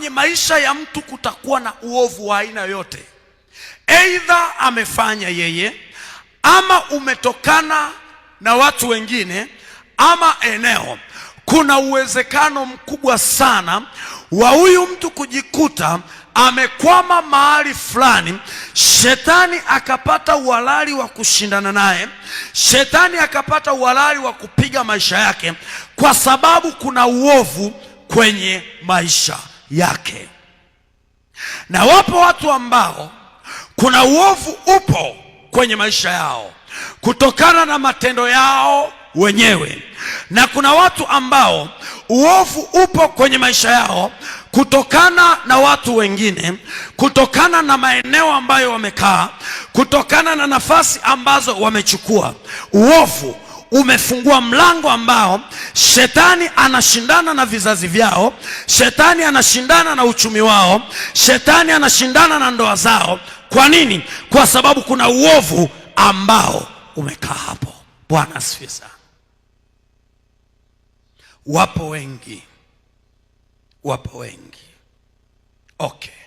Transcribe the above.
kwenye maisha ya mtu kutakuwa na uovu wa aina yoyote, aidha amefanya yeye ama umetokana na watu wengine ama eneo, kuna uwezekano mkubwa sana wa huyu mtu kujikuta amekwama mahali fulani, shetani akapata uhalali wa kushindana naye, shetani akapata uhalali wa kupiga maisha yake, kwa sababu kuna uovu kwenye maisha yake. Na wapo watu ambao kuna uovu upo kwenye maisha yao kutokana na matendo yao wenyewe, na kuna watu ambao uovu upo kwenye maisha yao kutokana na watu wengine, kutokana na maeneo ambayo wamekaa, kutokana na nafasi ambazo wamechukua. Uovu umefungua mlango ambao shetani anashindana na vizazi vyao, shetani anashindana na uchumi wao, shetani anashindana na ndoa zao. Kwa nini? Kwa sababu kuna uovu ambao umekaa hapo. Bwana asifiwe sana. Wapo wengi, wapo wengi. Okay.